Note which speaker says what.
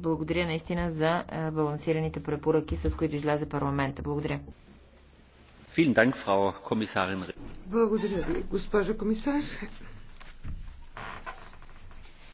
Speaker 1: благодаря наистина за е, балансираните препоръки, с които излезе парламента. Благодаря. Благодаря
Speaker 2: ви, госпожо комисар.